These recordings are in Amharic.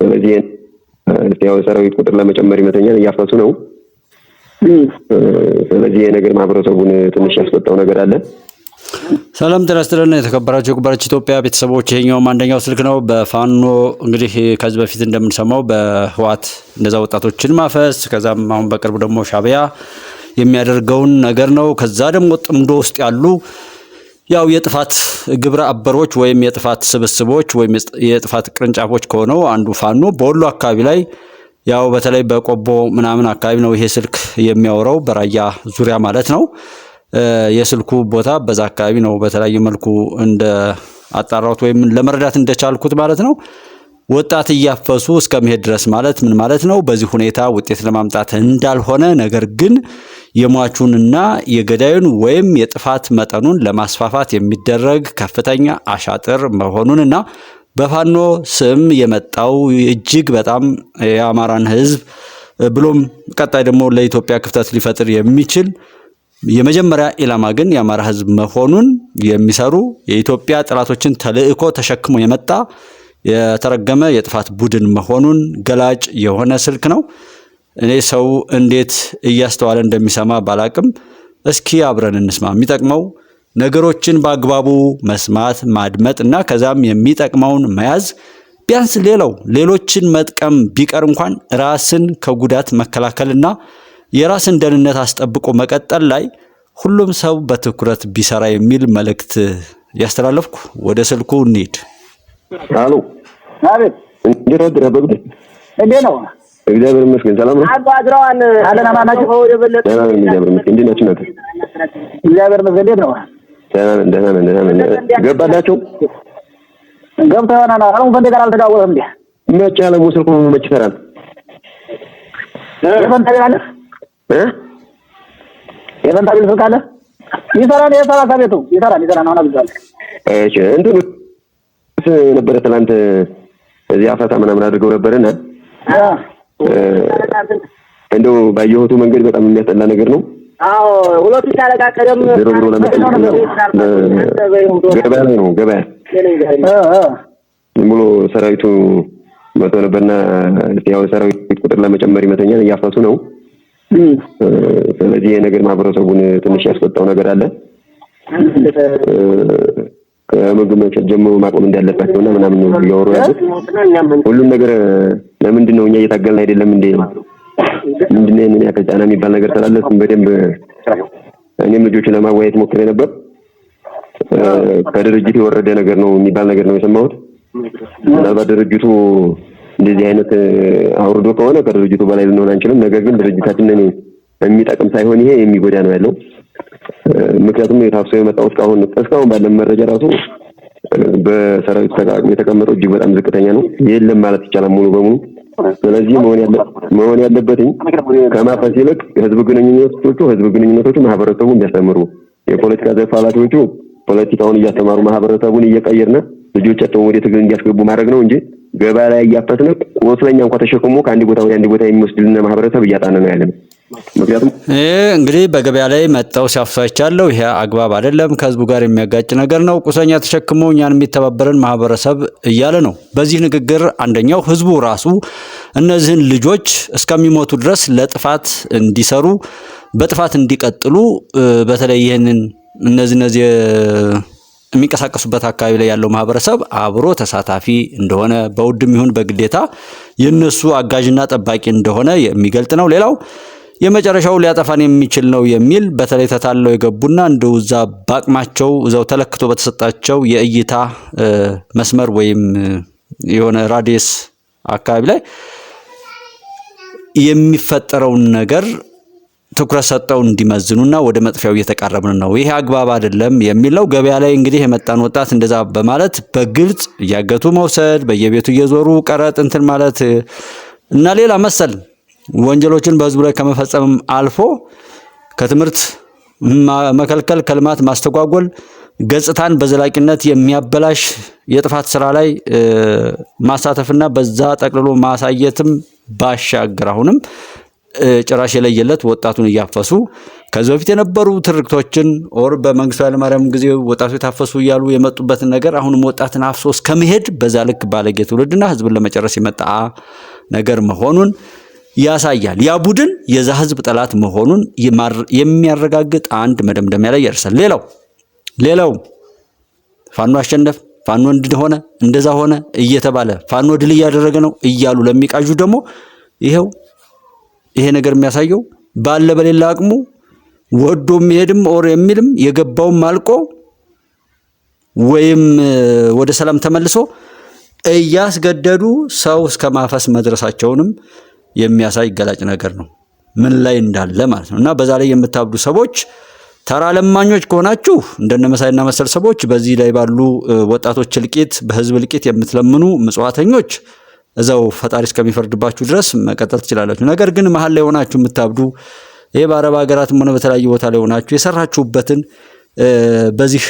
ስለዚህ ያው ሰራዊት ቁጥር ለመጨመር ይመተኛል እያፈሱ ነው። ስለዚህ ይህ ነገር ማህበረሰቡን ትንሽ ያስቆጣው ነገር አለ። ሰላም ጤና ይስጥልን የተከበራችሁ ኢትዮጵያ ቤተሰቦች፣ ይሄኛውም አንደኛው ስልክ ነው። በፋኖ እንግዲህ ከዚህ በፊት እንደምንሰማው በህዋት እንደዛ ወጣቶችን ማፈስ ከዛም አሁን በቅርቡ ደግሞ ሻቢያ የሚያደርገውን ነገር ነው። ከዛ ደግሞ ጥምዶ ውስጥ ያሉ ያው የጥፋት ግብረ አበሮች ወይም የጥፋት ስብስቦች ወይም የጥፋት ቅርንጫፎች ከሆነው አንዱ ፋኖ በወሎ አካባቢ ላይ ያው በተለይ በቆቦ ምናምን አካባቢ ነው ይሄ ስልክ የሚያወራው በራያ ዙሪያ ማለት ነው። የስልኩ ቦታ በዛ አካባቢ ነው። በተለያየ መልኩ እንደ አጣራሁት ወይም ለመረዳት እንደቻልኩት ማለት ነው። ወጣት እያፈሱ እስከ መሄድ ድረስ ማለት ምን ማለት ነው? በዚህ ሁኔታ ውጤት ለማምጣት እንዳልሆነ ነገር ግን የሟቹንና የገዳዩን ወይም የጥፋት መጠኑን ለማስፋፋት የሚደረግ ከፍተኛ አሻጥር መሆኑንና በፋኖ ስም የመጣው እጅግ በጣም የአማራን ሕዝብ ብሎም ቀጣይ ደግሞ ለኢትዮጵያ ክፍተት ሊፈጥር የሚችል የመጀመሪያ ኢላማ ግን የአማራ ሕዝብ መሆኑን የሚሰሩ የኢትዮጵያ ጠላቶችን ተልዕኮ ተሸክሞ የመጣ የተረገመ የጥፋት ቡድን መሆኑን ገላጭ የሆነ ስልክ ነው። እኔ ሰው እንዴት እያስተዋለ እንደሚሰማ ባላቅም፣ እስኪ አብረን እንስማ። የሚጠቅመው ነገሮችን በአግባቡ መስማት ማድመጥ እና ከዛም የሚጠቅመውን መያዝ ቢያንስ ሌላው ሌሎችን መጥቀም ቢቀር እንኳን ራስን ከጉዳት መከላከልና የራስን ደህንነት አስጠብቆ መቀጠል ላይ ሁሉም ሰው በትኩረት ቢሰራ የሚል መልእክት ያስተላለፍኩ፣ ወደ ስልኩ እንሂድ። አሉ አቤት። እንዴት አደረ በግዱ? እንዴት ነው? እግዚአብሔር ይመስገን ሰላም ነው። አባ አድረዋል። አለናማ ናቸው። ደህና ነን፣ እግዚአብሔር ይመስገን። እንዴት ናችሁ እናንተ? እግዚአብሔር ይመስገን። እንዴት ነው? ደህና ነን፣ ደህና ነን። ገባላችሁ? ገብተህ አሁን ፈንዴ ጋር አልተጋወተም እንዴ? መቼ መቼ አለ ስልክ አለ ይሰራል። የሰላሳ ቤቱ ይሰራል፣ ይሰራል። አሁን አብዛለሁ። እሺ እንትኑ ኦዲየንስ ነበረ ትናንት እዚህ አፈታ ምናምን አድርገው ነበርና እንደው ባየሁቱ መንገድ በጣም የሚያስጠላ ነገር ነው። አዎ ሁለቱ ሻለቃ ቀደም ዞሮ ዞሮ ገበያ ላይ ነው ገበያ ዝም ብሎ ሰራዊቱ መቶ ነበርና ያው ሰራዊት ቁጥር ለመጨመር ይመተኛል እያፈቱ ነው። ስለዚህ ይሄ ነገር ማህበረሰቡን ትንሽ ያስቆጣው ነገር አለ። ምግብ መጨት ጀምሮ ማቆም እንዳለባቸው እና ምናምን እያወሩ ያሉት ሁሉም ነገር ለምንድን ነው እኛ እየታገልን አይደለም እንዴ? ምንድን ነው ምን ያክል ጫና የሚባል ነገር ስላለ እሱም በደንብ እኔም ልጆችን ለማወያየት ሞክሬ ነበር። ከድርጅት የወረደ ነገር ነው የሚባል ነገር ነው የሰማሁት። ምናልባት ድርጅቱ እንደዚህ አይነት አውርዶ ከሆነ ከድርጅቱ በላይ ልንሆን አንችልም። ነገር ግን ድርጅታችንን የሚጠቅም ሳይሆን ይሄ የሚጎዳ ነው ያለው። ምክንያቱም የታፍሰው የመጣው እስካሁን እስካሁን ባለን መረጃ ራሱ በሰራዊት የተቀመጠው እጅግ በጣም ዝቅተኛ ነው፣ የለም ማለት ይቻላል ሙሉ በሙሉ። ስለዚህ መሆን ያለበትኝ ከማፈስ ይልቅ ህዝብ ግንኙነቶቹ ህዝብ ግንኙነቶቹ ማህበረሰቡ እንዲያስተምሩ የፖለቲካ ዘርፍ ኃላፊዎቹ ፖለቲካውን እያስተማሩ ማህበረሰቡን እየቀየርን ልጆቻቸውን ወደ ትግል እንዲያስገቡ ማድረግ ነው እንጂ ገበያ ላይ እያፈስን ቁስለኛ እንኳ ተሸክሞ ከአንድ ቦታ ወደ አንድ ቦታ የሚወስድልን ማህበረሰብ እያጣን ነው ያለን። እንግዲህ በገበያ ላይ መጣው ሲያፍሱ አይቻለሁ። ይሄ አግባብ አይደለም፣ ከህዝቡ ጋር የሚያጋጭ ነገር ነው። ቁሰኛ ተሸክሞ እኛን የሚተባበረን ማህበረሰብ እያለ ነው። በዚህ ንግግር አንደኛው ህዝቡ ራሱ እነዚህን ልጆች እስከሚሞቱ ድረስ ለጥፋት እንዲሰሩ በጥፋት እንዲቀጥሉ በተለይ ይህንን እነዚህ እነዚህ የሚንቀሳቀሱበት አካባቢ ላይ ያለው ማህበረሰብ አብሮ ተሳታፊ እንደሆነ በውድም ይሁን በግዴታ የእነሱ አጋዥና ጠባቂ እንደሆነ የሚገልጥ ነው። ሌላው የመጨረሻው ሊያጠፋን የሚችል ነው የሚል በተለይ ተታለው የገቡና እንደው እዛ በአቅማቸው እዛው ተለክቶ በተሰጣቸው የእይታ መስመር ወይም የሆነ ራዲየስ አካባቢ ላይ የሚፈጠረውን ነገር ትኩረት ሰጠው እንዲመዝኑና ወደ መጥፊያው እየተቃረብን ነው፣ ይሄ አግባብ አይደለም የሚል ገበያ ላይ እንግዲህ የመጣን ወጣት እንደዛ በማለት በግልጽ እያገቱ መውሰድ፣ በየቤቱ እየዞሩ ቀረጥ እንትን ማለት እና ሌላ መሰል ወንጀሎችን በህዝቡ ላይ ከመፈጸምም አልፎ ከትምህርት መከልከል፣ ከልማት ማስተጓጎል፣ ገጽታን በዘላቂነት የሚያበላሽ የጥፋት ስራ ላይ ማሳተፍና በዛ ጠቅልሎ ማሳየትም ባሻገር አሁንም ጭራሽ የለየለት ወጣቱን እያፈሱ ከዚህ በፊት የነበሩ ትርክቶችን ኦር በመንግስቱ ኃይለማርያም ጊዜ ወጣቱ የታፈሱ እያሉ የመጡበትን ነገር አሁንም ወጣትን አፍሶ እስከመሄድ በዛ ልክ ባለጌ ትውልድና ህዝብን ለመጨረስ የመጣ ነገር መሆኑን ያሳያል። ያ ቡድን የዛ ህዝብ ጠላት መሆኑን የሚያረጋግጥ አንድ መደምደሚያ ላይ ያደርሳል። ሌላው ሌላው ፋኖ አሸነፍ፣ ፋኖ እንደሆነ እንደዛ ሆነ እየተባለ ፋኖ ድል እያደረገ ነው እያሉ ለሚቃዡ ደግሞ ይኸው ይሄ ነገር የሚያሳየው ባለ በሌላ አቅሙ ወዶ የሚሄድም ኦር የሚልም የገባውም አልቆ ወይም ወደ ሰላም ተመልሶ እያስገደዱ ሰው እስከ ማፈስ መድረሳቸውንም የሚያሳይ ገላጭ ነገር ነው፣ ምን ላይ እንዳለ ማለት ነው። እና በዛ ላይ የምታብዱ ሰዎች ተራ ለማኞች ከሆናችሁ እንደነ መሳይና መሰል ሰዎች በዚህ ላይ ባሉ ወጣቶች እልቂት፣ በህዝብ እልቂት የምትለምኑ ምጽዋተኞች እዛው ፈጣሪ እስከሚፈርድባችሁ ድረስ መቀጠል ትችላላችሁ። ነገር ግን መሀል ላይ ሆናችሁ የምታብዱ ይህ በአረብ ሀገራትም ሆነ በተለያየ ቦታ ላይ ሆናችሁ የሰራችሁበትን በዚህ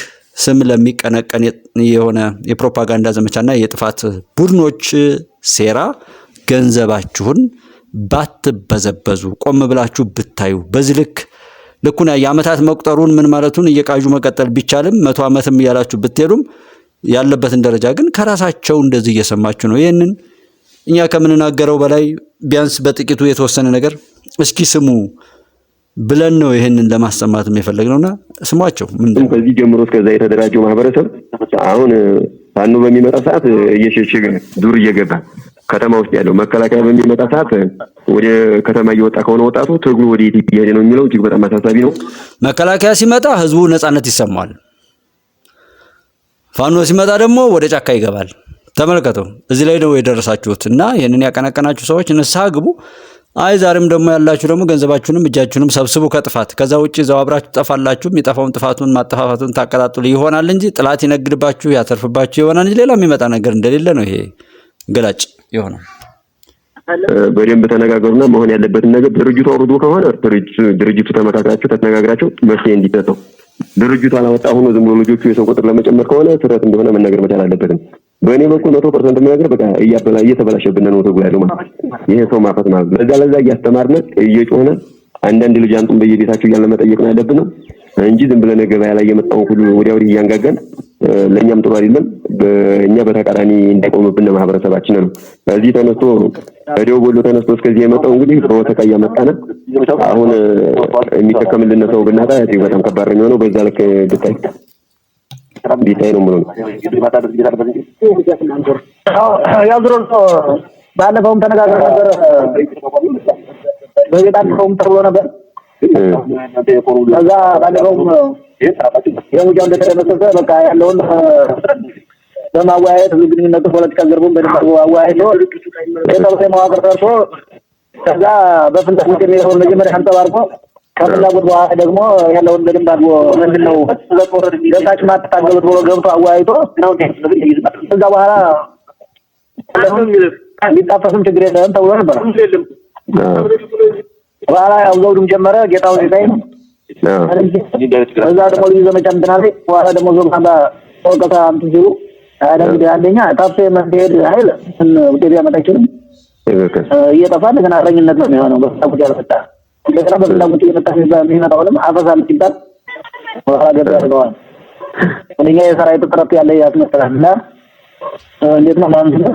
ስም ለሚቀነቀን የሆነ የፕሮፓጋንዳ ዘመቻና የጥፋት ቡድኖች ሴራ ገንዘባችሁን ባትበዘበዙ፣ ቆም ብላችሁ ብታዩ በዚህ ልክ ልኩን የዓመታት መቁጠሩን ምን ማለቱን እየቃዡ መቀጠል ቢቻልም መቶ ዓመትም እያላችሁ ብትሄዱም ያለበትን ደረጃ ግን ከራሳቸው እንደዚህ እየሰማችሁ ነው። ይህንን እኛ ከምንናገረው በላይ ቢያንስ በጥቂቱ የተወሰነ ነገር እስኪ ስሙ ብለን ነው ይህንን ለማሰማት ነውና ስሟቸው ምንድን ከዚህ ጀምሮ እስከዛ የተደራጀው ማህበረሰብ አሁን ፋኖ በሚመጣ ሰዓት እየሸሸገ ዱር እየገባ ከተማ ውስጥ ያለው መከላከያ በሚመጣ ሰዓት ወደ ከተማ እየወጣ ከሆነ ወጣቱ ትግሉ ወደ የት እየሄደ ነው የሚለው እጅግ በጣም አሳሳቢ ነው። መከላከያ ሲመጣ ህዝቡ ነጻነት ይሰማዋል። ፋኖ ሲመጣ ደግሞ ወደ ጫካ ይገባል። ተመልከተው፣ እዚህ ላይ ነው የደረሳችሁት እና ይህንን ያቀናቀናችሁ ሰዎች ንስሐ ግቡ። አይ ዛሬም ደግሞ ያላችሁ ደግሞ ገንዘባችሁንም እጃችሁንም ሰብስቡ ከጥፋት ከዛ ውጭ እዛው አብራችሁ ጠፋላችሁ የሚጠፋውን ጥፋቱን ማጠፋፋቱን ታቀጣጥሉ ይሆናል እንጂ ጥላት ይነግድባችሁ ያተርፍባችሁ ይሆናል እንጂ ሌላ የሚመጣ ነገር እንደሌለ ነው ይሄ ገላጭ ይሆናል። በደንብ ተነጋገሩና መሆን ያለበትን ነገር ድርጅቱ አውርዶ ከሆነ ድርጅቱ ተመካክራችሁ ተነጋግራቸው መፍትሄ እንዲሰጠው ድርጅቱ አላወጣ ሆኖ ዝም ብሎ ልጆቹ የሰው ቁጥር ለመጨመር ከሆነ ስረት እንደሆነ መናገር መቻል አለበትም። በእኔ በኩል መቶ ፐርሰንት የምነግርህ በቃ እየተበላሸብን ነው ተጉ ያለው ማለት ይሄ ሰው ማፈት ማለት ለዛ ለዛ እያስተማርነት እየጮህነ አንዳንድ ልጅ አንጡን በየቤታቸው እያለ መጠየቅ ነው ያለብን ነው እንጂ ዝም ብለን ገበያ ላይ የመጣውን ሁሉ ወዲያ ወዲህ እያንጋገን ለእኛም ጥሩ አይደለም። እኛ በተቃራኒ እንዳይቆምብን ማህበረሰባችን ነው። ከዚህ ተነስቶ ከደቡብ ወሎ ተነስቶ እስከዚህ የመጣው እንግዲህ ጥሩ ተቃይ ያመጣነ አሁን የሚጠቀምልን ሰው ብናጣ እዚህ በጣም ከባድ ነው የሚሆነው። በዛ ልክ ብታይ ቢታይ ነው ምነው ያው ባለፈውም ተነጋግረ ነበር በየጣልከውም ተብሎ ነበር ከዛ ባለፈውም የሙጃው እንደተደመሰሰ በቃ ያለውን በማወያየት ህዝብ ግንኙነቱ ፖለቲካ ዘርቡን በደንብ አወያይቶ የጠቅላይ መዋቅር ሰርቶ ከዛ በፍላጎት የሚለውን መጀመሪያ አንጸባርቆ ከፍላጎት በኋላ ደግሞ ያለውን በደንብ አድርጎ ምንድን ነው ለታች ማታገሉት ብሎ ገብቶ አወያይቶ ከዛ በኋላ ሊጣፈስም ችግር የለም ተብሎ ነበር። በኋላ ያው ዘውዱም ጀመረ ጌታው ሲታይ እዛ ደግሞ ልዩ ዘመቻ እንትና ላይ በኋላ ደግሞ ዞባላ ወቀሳ እንትን ሲሉ እንግዲህ አንደኛ ታፌ መንሄድ ሀይል ውጤት ያመጣችልም እየጠፋ እንደገና እረኝነት ነው የሚሆነው። በፍላጎት ያልመጣ እንደገና በፍላጎት እየመጣ የሚመጣውንም አፈሳ ሲባል በኋላ ገብ ያደርገዋል። እኛ የሰራዊት ጥረት ያለ ያስመስላል እና እንዴት ነው ማለት ነው?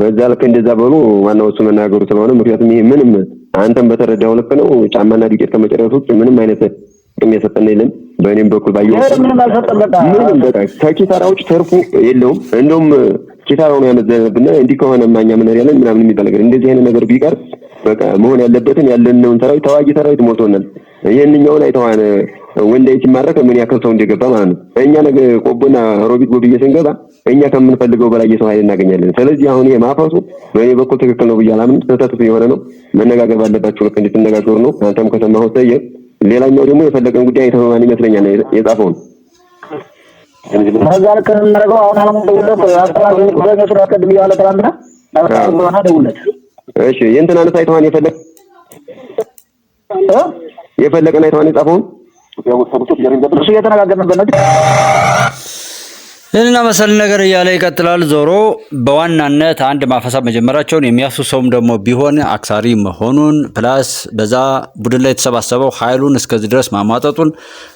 በዛ ልክ እንደዛ በሉ። ዋናው እሱ መናገሩ ስለሆነ ምክንያቱም ይሄ ምንም አንተም በተረዳው ልክ ነው። ጫማና ዱቄት ከመጨረሱ ውጭ ምንም አይነት ጥቅም የሰጠን የለም። በእኔም በኩል ባየሁት ምንም በቃ ከኪሳራ ውጭ ተርፉ የለውም። እንደውም ኪሳራው ነው ያመዘነብና እንዲህ ከሆነ ማኛ ምን ያለን ምናምን የሚባል ነገር እንደዚህ አይነት ነገር ቢቀር በቃ መሆን ያለበትን ያለንውን ሰራዊት ተዋጊ ሰራዊት ሞልቶናል። ይህንኛውን አይተዋን ወንዳይ ሲማረክ ምን ያክል ሰው እንደገባ ማለት ነው። እኛ ነገ ቆቦና ሮቢት ጎብዬ ስንገባ እኛ ከምንፈልገው በላይ የሰው ኃይል እናገኛለን። ስለዚህ አሁን ይሄ ማፈሱ በእኔ በኩል ትክክል ነው ብዬ አላምንም። ስህተት የሆነ ነው። መነጋገር ባለባቸው ልክ እንድትነጋገሩ ነው። አንተም ከተማሁ ሰየ ሌላኛው ደግሞ የፈለቀን ጉዳይ የተመማን ይመስለኛል የጻፈውን ከዛ ልክ የምናደርገው አይተዋን የፈለቀ የፈለቀን አይተዋን የጻፈውን እሱ እየተነጋገርንበት ነው ይህንና መሰል ነገር እያለ ይቀጥላል። ዞሮ በዋናነት አንድ ማፈሳብ መጀመራቸውን የሚያፍሱ ሰውም ደግሞ ቢሆን አክሳሪ መሆኑን ፕላስ በዛ ቡድን ላይ የተሰባሰበው ኃይሉን እስከዚህ ድረስ ማሟጠጡን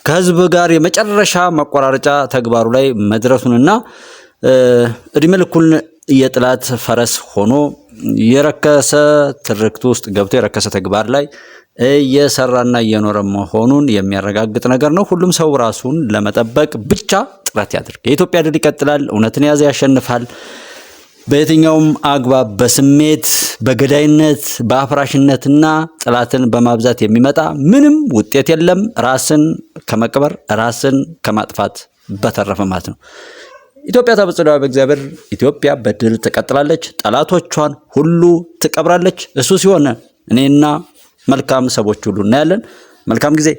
ከህዝብ ጋር የመጨረሻ መቆራረጫ ተግባሩ ላይ መድረሱንና እድሜ ልኩን የጥላት ፈረስ ሆኖ የረከሰ ትርክት ውስጥ ገብቶ የረከሰ ተግባር ላይ እየሰራና እየኖረ መሆኑን የሚያረጋግጥ ነገር ነው። ሁሉም ሰው ራሱን ለመጠበቅ ብቻ ጥረት ያድርግ። የኢትዮጵያ ድል ይቀጥላል። እውነትን የያዘ ያሸንፋል። በየትኛውም አግባብ በስሜት በገዳይነት በአፍራሽነትና ጥላትን በማብዛት የሚመጣ ምንም ውጤት የለም። ራስን ከመቅበር ራስን ከማጥፋት በተረፈ ማለት ነው። ኢትዮጵያ ተበጽዳ በእግዚአብሔር ኢትዮጵያ በድል ትቀጥላለች። ጠላቶቿን ሁሉ ትቀብራለች። እሱ ሲሆነ እኔና መልካም ሰዎች ሁሉ እናያለን። መልካም ጊዜ